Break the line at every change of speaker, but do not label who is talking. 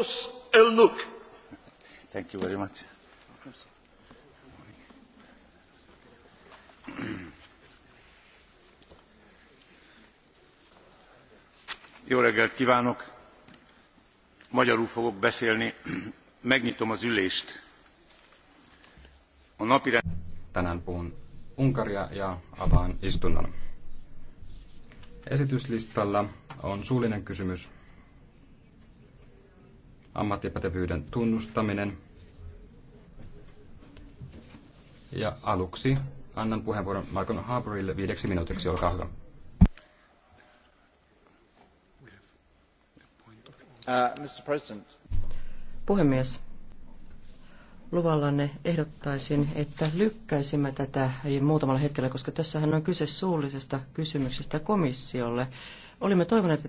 Us Elnuk.
Thank you very much.
Jó reggelt kívánok! Magyarul fogok beszélni. Megnyitom az ülést.
A rend... Tänään puhun Unkaria ja avaan istunnon. Esityslistalla on suullinen kysymys ammattipätevyyden tunnustaminen. Ja aluksi annan puheenvuoron Michael Harbourille viideksi minuutiksi, olkaa hyvä.
Uh, Mr. President. Puhemies, luvallanne ehdottaisin, että lykkäisimme tätä muutamalla hetkellä, koska tässähän on kyse suullisesta kysymyksestä komissiolle. Olimme toivoneet, että